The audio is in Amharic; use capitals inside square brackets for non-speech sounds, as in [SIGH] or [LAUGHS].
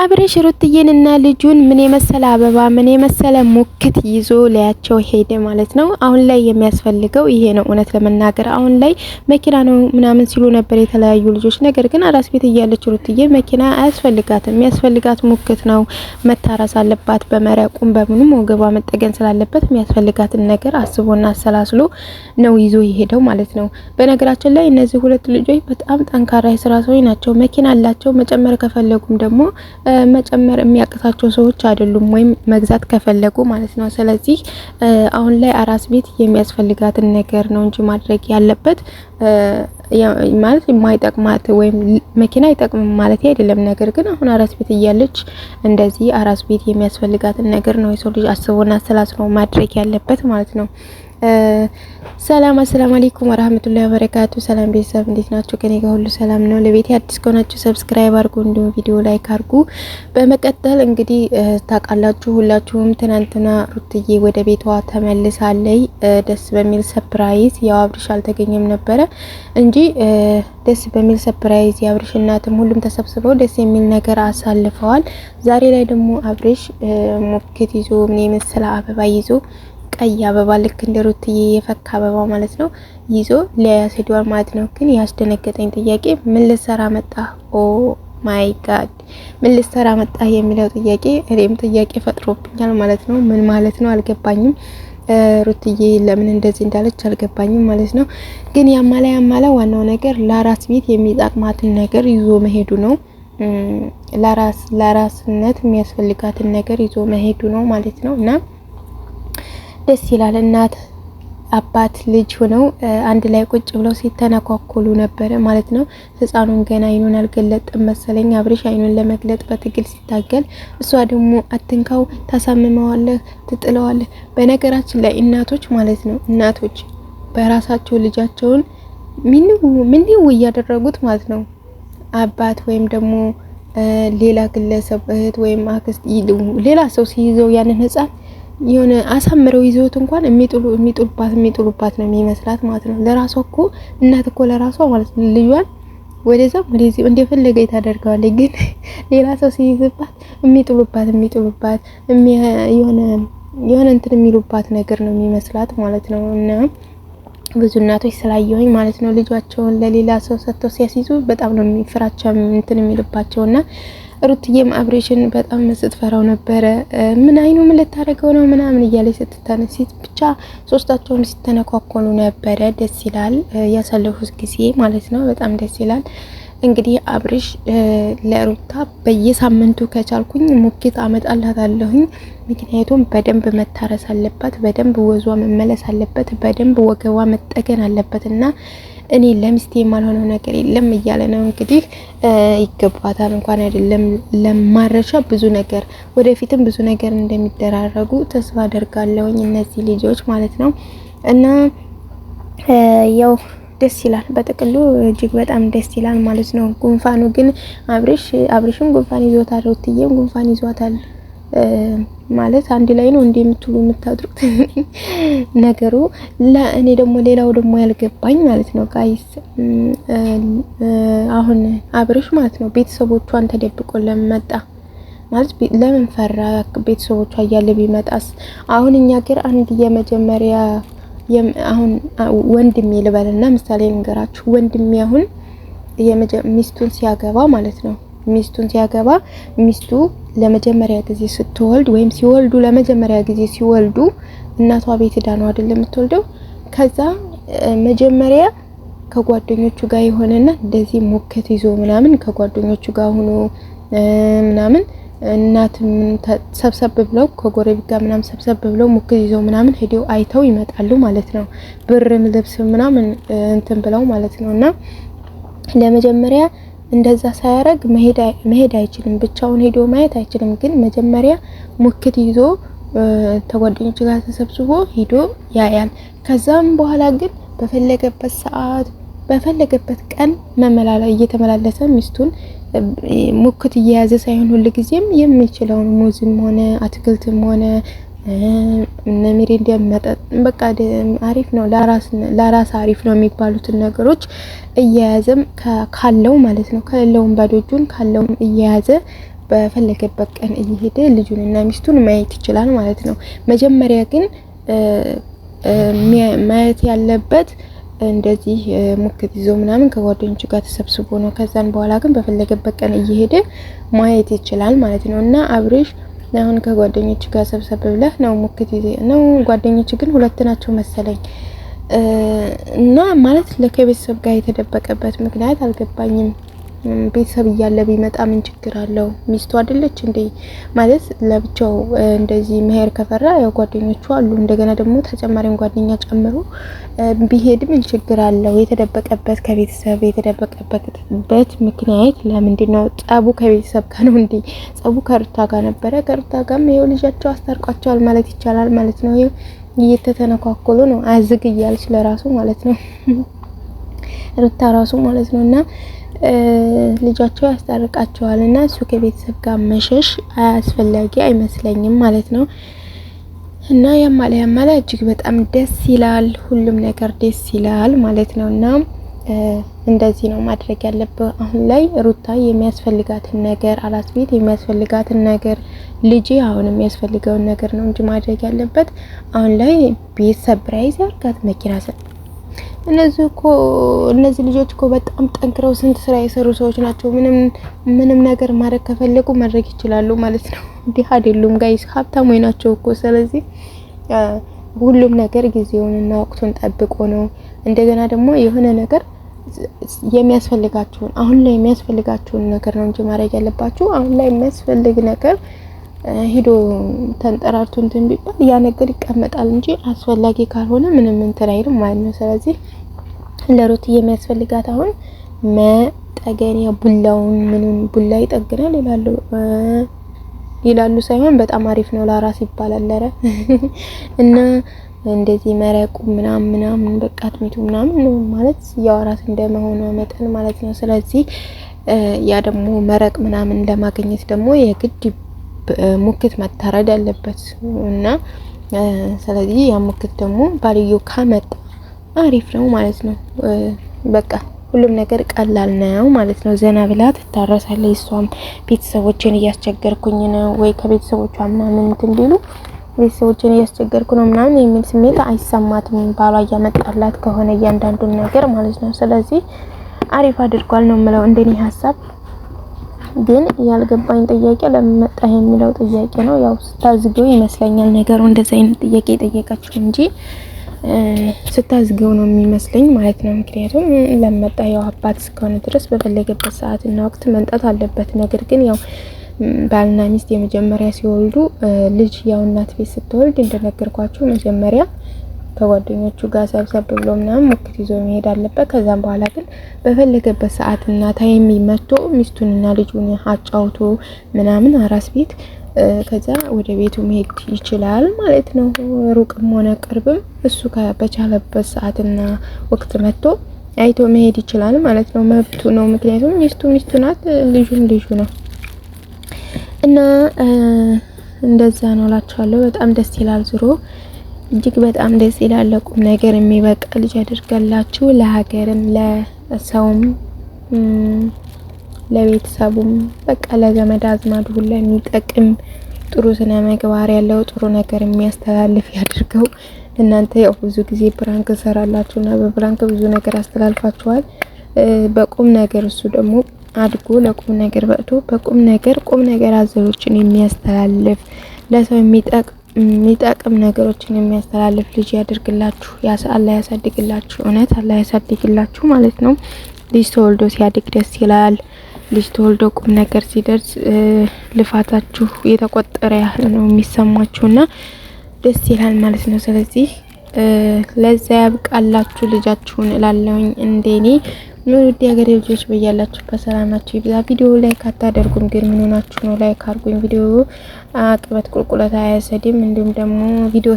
አብረሽ ሩትዬንና ልጁን ምን የመሰለ አበባ ምን የመሰለ ሙክት ይዞ ለያቸው ሄደ ማለት ነው። አሁን ላይ የሚያስፈልገው ይሄ ነው። እውነት ለመናገር አሁን ላይ መኪና ነው ምናምን ሲሉ ነበር የተለያዩ ልጆች። ነገር ግን አራስ ቤት እያለች ሩትዬ መኪና አያስፈልጋትም። የሚያስፈልጋት ሙክት ነው። መታረስ አለባት። በመረቁም በምኑም ወገቧ መጠገን ስላለበት የሚያስፈልጋትን ነገር አስቦና አሰላስሎ ነው ይዞ የሄደው ማለት ነው። በነገራችን ላይ እነዚህ ሁለት ልጆች በጣም ጠንካራ የስራ ሰዎች ናቸው። መኪና አላቸው። መጨመር ከፈለጉም ደግሞ መጨመር የሚያቅታቸው ሰዎች አይደሉም፣ ወይም መግዛት ከፈለጉ ማለት ነው። ስለዚህ አሁን ላይ አራስ ቤት የሚያስፈልጋትን ነገር ነው እንጂ ማድረግ ያለበት ማለት የማይጠቅማት ወይም መኪና አይጠቅምም ማለት አይደለም። ነገር ግን አሁን አራስ ቤት እያለች እንደዚህ አራስ ቤት የሚያስፈልጋትን ነገር ነው የሰው ልጅ አስቦና አሰላስሎ ማድረግ ያለበት ማለት ነው። ሰላም አሰላም አለይኩም ወራህመቱላሂ ወበረካቱ። ሰላም ቤተሰብ እንዴት ናችሁ? ከኔ ጋር ሁሉ ሰላም ነው። ለቤቴ አዲስ ከሆናችሁ ሰብስክራይብ አድርጉ፣ እንዲሁም ቪዲዮ ላይክ አድርጉ። በመቀጠል እንግዲህ ታውቃላችሁ ሁላችሁም ትናንትና ሩትዬ ወደ ቤቷ ተመልሳለይ ደስ በሚል ሰፕራይዝ። ያው አብርሽ አልተገኘም ነበረ እንጂ ደስ በሚል ሰፕራይዝ የአብርሽ እናትም ሁሉም ተሰብስበው ደስ የሚል ነገር አሳልፈዋል። ዛሬ ላይ ደግሞ አብርሽ ሞኬት ይዞ ምን የመሰለ አበባ ይዞ ቀይ አበባ ልክ እንደ ሩትዬ የፈካ አበባ ማለት ነው ይዞ ሊያስሄዷል ማለት ነው። ግን ያስደነገጠኝ ጥያቄ ምን ልሰራ መጣ ኦ ማይ ጋድ ምን ልሰራ መጣ የሚለው ጥያቄ እኔም ጥያቄ ፈጥሮብኛል ማለት ነው። ምን ማለት ነው አልገባኝም። ሩትዬ ለምን እንደዚህ እንዳለች አልገባኝም ማለት ነው። ግን ያማላ ያማላ ዋናው ነገር ለአራስ ቤት የሚጠቅማትን ነገር ይዞ መሄዱ ነው። ለራስ ለራስነት የሚያስፈልጋትን ነገር ይዞ መሄዱ ነው ማለት ነው እና ደስ ይላል። እናት አባት ልጅ ሆነው አንድ ላይ ቁጭ ብለው ሲተነኳኮሉ ነበረ ማለት ነው። ህፃኑን ገና አይኑን አልገለጠም መሰለኝ። አብርሽ አይኑን ለመግለጥ በትግል ሲታገል፣ እሷ ደግሞ አትንካው፣ ታሳምመዋለህ፣ ትጥለዋለህ። በነገራችን ላይ እናቶች ማለት ነው እናቶች በራሳቸው ልጃቸውን ምን እያደረጉት ማለት ነው አባት ወይም ደግሞ ሌላ ግለሰብ እህት ወይም አክስት ሌላ ሰው ሲይዘው ያንን ህፃን የሆነ አሳምረው ይዘውት እንኳን የሚጥሉ የሚጥሉባት የሚጥሉባት ነው የሚመስላት ማለት ነው። ለራሷ እኮ እናት እኮ ለራሷ ማለት ነው ልጇን ወደዛም ወደዚህ እንደፈለገ ታደርገዋለች። ግን [LAUGHS] ሌላ ሰው ሲይዝባት የሚጥሉባት የሚጥሉባት የሆነ የሆነ እንትን የሚሉባት ነገር ነው የሚመስላት ማለት ነው። እና ብዙ እናቶች ስላየሁኝ ማለት ነው ልጇቸውን ለሌላ ሰው ሰጥተው ሲያስይዙ በጣም ነው የሚፈራቸው እንትን የሚልባቸውና ሩትዬም አብሬሽን በጣም ስትፈራው ነበረ። ምን አይኑ ምን ልታደርገው ነው ምናምን እያለች ስትተነሲት ብቻ ሶስታቸውም ሲተነኳኮሉ ነበረ። ደስ ይላል ያሳለፉት ጊዜ ማለት ነው። በጣም ደስ ይላል። እንግዲህ አብሬሽ ለሩታ በየሳምንቱ ከቻልኩኝ ሙኬት አመጣላታለሁኝ። ምክንያቱም በደንብ መታረስ አለባት፣ በደንብ ወዟ መመለስ አለበት፣ በደንብ ወገቧ መጠገን አለበት እና እኔ ለሚስቴ የማልሆነው ነገር የለም እያለ ነው እንግዲህ። ይገባታል እንኳን አይደለም ለማረሻ ብዙ ነገር ወደፊትም ብዙ ነገር እንደሚደራረጉ ተስፋ አደርጋለሁኝ እነዚህ ልጆች ማለት ነው እና ያው ደስ ይላል። በጥቅሉ እጅግ በጣም ደስ ይላል ማለት ነው። ጉንፋኑ ግን አብሪሽ አብሪሽም ጉንፋን ይዞታል፣ ሩትዬም ጉንፋን ይዟታል። ማለት አንድ ላይ ነው እንዴ የምትሉ የምታድሩት [LAUGHS] ነገሩ። ለእኔ ደግሞ ሌላው ደግሞ ያልገባኝ ማለት ነው ጋይስ፣ አሁን አብርሽ ማለት ነው ቤተሰቦቿን ተደብቆ ለምን መጣ ማለት ለምን ፈራ? ቤተሰቦቿ እያለ ቢመጣስ? አሁን እኛ ገር አንድ የመጀመሪያ አሁን ወንድሜ ልበልና ምሳሌ ንገራችሁ፣ ወንድሜ አሁን ሚስቱን ሲያገባ ማለት ነው ሚስቱን ሲያገባ ሚስቱ ለመጀመሪያ ጊዜ ስትወልድ ወይም ሲወልዱ ለመጀመሪያ ጊዜ ሲወልዱ እናቷ ቤት ሄዳ ነው አይደል የምትወልደው። ከዛ መጀመሪያ ከጓደኞቹ ጋር የሆነና እንደዚህ ሞከት ይዞ ምናምን ከጓደኞቹ ጋር ሆኖ ምናምን እናት ሰብሰብ ብለው ከጎረቤት ጋር ምናምን ሰብሰብ ብለው ሙክት ይዘው ምናምን ሄደው አይተው ይመጣሉ ማለት ነው። ብርም ልብስ ምናምን እንትን ብለው ማለት ነው እና ለመጀመሪያ እንደዛ ሳያረግ መሄድ አይችልም፣ ብቻውን ሄዶ ማየት አይችልም። ግን መጀመሪያ ሙክት ይዞ ተጓደኞች ጋር ተሰብስቦ ሄዶ ያያል። ከዛም በኋላ ግን በፈለገበት ሰዓት በፈለገበት ቀን መመላላ እየተመላለሰ ሚስቱን ሙክት እየያዘ ሳይሆን ሁልጊዜም የሚችለውን ሙዝም ሆነ አትክልትም ሆነ እነ ሚሪንዳ መጠጥ በቃ አሪፍ ነው፣ ለራስ አሪፍ ነው የሚባሉትን ነገሮች እየያዘም ካለው ማለት ነው ከሌለውም ባዶ እጁን ካለውም እየያዘ በፈለገበት ቀን እየሄደ ልጁንና ሚስቱን ማየት ይችላል ማለት ነው። መጀመሪያ ግን ማየት ያለበት እንደዚህ ሙክት ይዞ ምናምን ከጓደኞቹ ጋር ተሰብስቦ ነው። ከዛን በኋላ ግን በፈለገበት ቀን እየሄደ ማየት ይችላል ማለት ነው እና አብሬሽ አሁን ከጓደኞች ጋር ሰብሰብ ብለህ ነው ሙክት ይዜ ነው። ጓደኞች ግን ሁለት ናቸው መሰለኝ እና ማለት ለከቤተሰብ ጋር የተደበቀበት ምክንያት አልገባኝም። ቤተሰብ እያለ ቢመጣ ምን ችግር አለው? ሚስቱ አይደለች እንዴ? ማለት ለብቻው እንደዚህ መሄድ ከፈራ ያው ጓደኞቹ አሉ። እንደገና ደግሞ ተጨማሪም ጓደኛ ጨምሮ ቢሄድ ምን ችግር አለው? የተደበቀበት ከቤተሰብ የተደበቀበት ምክንያት ለምንድን ነው? ጸቡ ከቤተሰብ ጋር ነው እንዴ? ጸቡ ከርታ ጋር ነበረ። ከርታ ጋርም ይኸው ልጃቸው አስታርቋቸዋል ማለት ይቻላል ማለት ነው። ይኸው እየተተነኳኮሉ ነው። አዝግ እያለች ለራሱ ማለት ነው [LAUGHS] ሩታ ራሱ ማለት ነው እና ልጃቸው ያስታርቃቸዋል እና እሱ ከቤተሰብ ጋር መሸሽ አስፈላጊ አይመስለኝም ማለት ነው። እና ያማለ ያማለ እጅግ በጣም ደስ ይላል። ሁሉም ነገር ደስ ይላል ማለት ነው። እና እንደዚህ ነው ማድረግ ያለብህ። አሁን ላይ ሩታ የሚያስፈልጋትን ነገር አራስ ቤት የሚያስፈልጋትን ነገር ልጅ አሁን የሚያስፈልገውን ነገር ነው እንጂ ማድረግ ያለበት አሁን ላይ ቤት ሰብራይዝ ያርጋት መኪና እነዚህ እኮ እነዚህ ልጆች እኮ በጣም ጠንክረው ስንት ስራ የሰሩ ሰዎች ናቸው። ምንም ምንም ነገር ማድረግ ከፈለጉ ማድረግ ይችላሉ ማለት ነው። [LAUGHS] እንዲህ አይደሉም ጋይስ፣ ሀብታም ወይ ናቸው እኮ። ስለዚህ ሁሉም ነገር ጊዜውንና ወቅቱን ጠብቆ ነው። እንደገና ደግሞ የሆነ ነገር የሚያስፈልጋችሁን አሁን ላይ የሚያስፈልጋችሁን ነገር ነው እንጂ ማድረግ ያለባችሁ አሁን ላይ የሚያስፈልግ ነገር ሂዶ ተንጠራርቶ እንትን ቢባል ያ ነገር ይቀመጣል እንጂ አስፈላጊ ካልሆነ ምንም እንትን አይልም ማለት ነው። ስለዚህ ለሩት የሚያስፈልጋት አሁን መጠገኒያ ቡላውን ምኑን ቡላ ይጠግናል ይላሉ ይላሉ ሳይሆን በጣም አሪፍ ነው ለራስ ይባላል። ኧረ [LAUGHS] እና እንደዚህ መረቁ ምናምን ምናምን በቃ አጥሚቱ ምናምን ነው ማለት ያው ራስ እንደመሆኗ መጠን ማለት ነው። ስለዚህ ያ ደግሞ መረቅ ምናምን ለማግኘት ደግሞ የግድ ሙክት መታረድ አለበት እና ስለዚህ ያ ሙክት ደግሞ ባልዮ ካመጣ አሪፍ ነው ማለት ነው። በቃ ሁሉም ነገር ቀላል ነው ማለት ነው። ዘና ብላ ትታረሳለች። እሷም ቤተሰቦችን እያስቸገርኩኝ ነው ወይ ከቤተሰቦቿ ምናምን እንትን ቢሉ ቤተሰቦችን እያስቸገርኩ ነው ምናምን የሚል ስሜት አይሰማትም። ባሏ እያመጣላት ከሆነ እያንዳንዱን ነገር ማለት ነው። ስለዚህ አሪፍ አድርጓል ነው የምለው እንደኔ ሀሳብ። ግን ያልገባኝ ጥያቄ ለምን የሚለው ጥያቄ ነው። ያው ስታዝገው ይመስለኛል ነገሩ እንደዚህ አይነት ጥያቄ የጠየቀችው እንጂ ስታዝገው ነው የሚመስለኝ ማለት ነው። ምክንያቱም ለመጣ ያው አባት እስከሆነ ድረስ በፈለገበት ሰዓትና ወቅት መምጣት አለበት። ነገር ግን ያው ባልና ሚስት የመጀመሪያ ሲወልዱ ልጅ ያው እናት ቤት ስትወልድ እንደነገርኳቸው መጀመሪያ ከጓደኞቹ ጋር ሰብሰብ ብሎ ምናምን ሙክት ይዞ መሄድ አለበት። ከዛም በኋላ ግን በፈለገበት እና ታይም መጥቶ ሚስቱንና ልጁን አጫውቶ ምናምን አራስ ቤት ከዛ ወደ ቤቱ መሄድ ይችላል ማለት ነው ሩቅም ሆነ ቅርብም እሱ በቻለበት ሰዓትና ወቅት መጥቶ አይቶ መሄድ ይችላል ማለት ነው። መብቱ ነው። ምክንያቱም ሚስቱ ሚስቱ ናት፣ ልጁም ልጁ ነው እና እንደዛ ነው ላችኋለሁ። በጣም ደስ ይላል። ዝሮ እጅግ በጣም ደስ ይላል። ለቁም ነገር የሚበቃ ልጅ ያደርገላችሁ ለሀገርም፣ ለሰውም፣ ለቤተሰቡም በቃ ለዘመድ አዝማድ ሁላ የሚጠቅም ጥሩ ስነ ምግባር ያለው ጥሩ ነገር የሚያስተላልፍ ያድርገው። እናንተ ያው ብዙ ጊዜ ፕራንክ ሰራላችሁ እና በፕራንክ ብዙ ነገር አስተላልፋችኋል። በቁም ነገር እሱ ደግሞ አድጎ ለቁም ነገር በቅቶ በቁም ነገር ቁም ነገር አዘሎችን የሚያስተላልፍ ለሰው የሚጠቅም ነገሮችን የሚያስተላልፍ ልጅ ያደርግላችሁ። አላህ ያሳድግላችሁ። እውነት አላህ ያሳድግላችሁ ማለት ነው። ልጅ ተወልዶ ሲያድግ ደስ ይላል። ልጅ ተወልዶ ቁም ነገር ሲደርስ ልፋታችሁ የተቆጠረ ያህል ነው የሚሰማችሁና ደስ ይላል ማለት ነው። ስለዚህ ለዛ ያብቃላችሁ ልጃችሁን እላለሁኝ እንደኔ ውድ ሀገር ልጆች በያላችሁበት ሰላማችሁ ይብዛ። ቪዲዮ ላይክ አታደርጉም ግን ምን ሆናችሁ ነው? ላይክ አድርጉኝ። ቪዲዮ አቅበት ቁልቁለት አያሰድም። እንዲሁም ደግሞ ቪዲዮ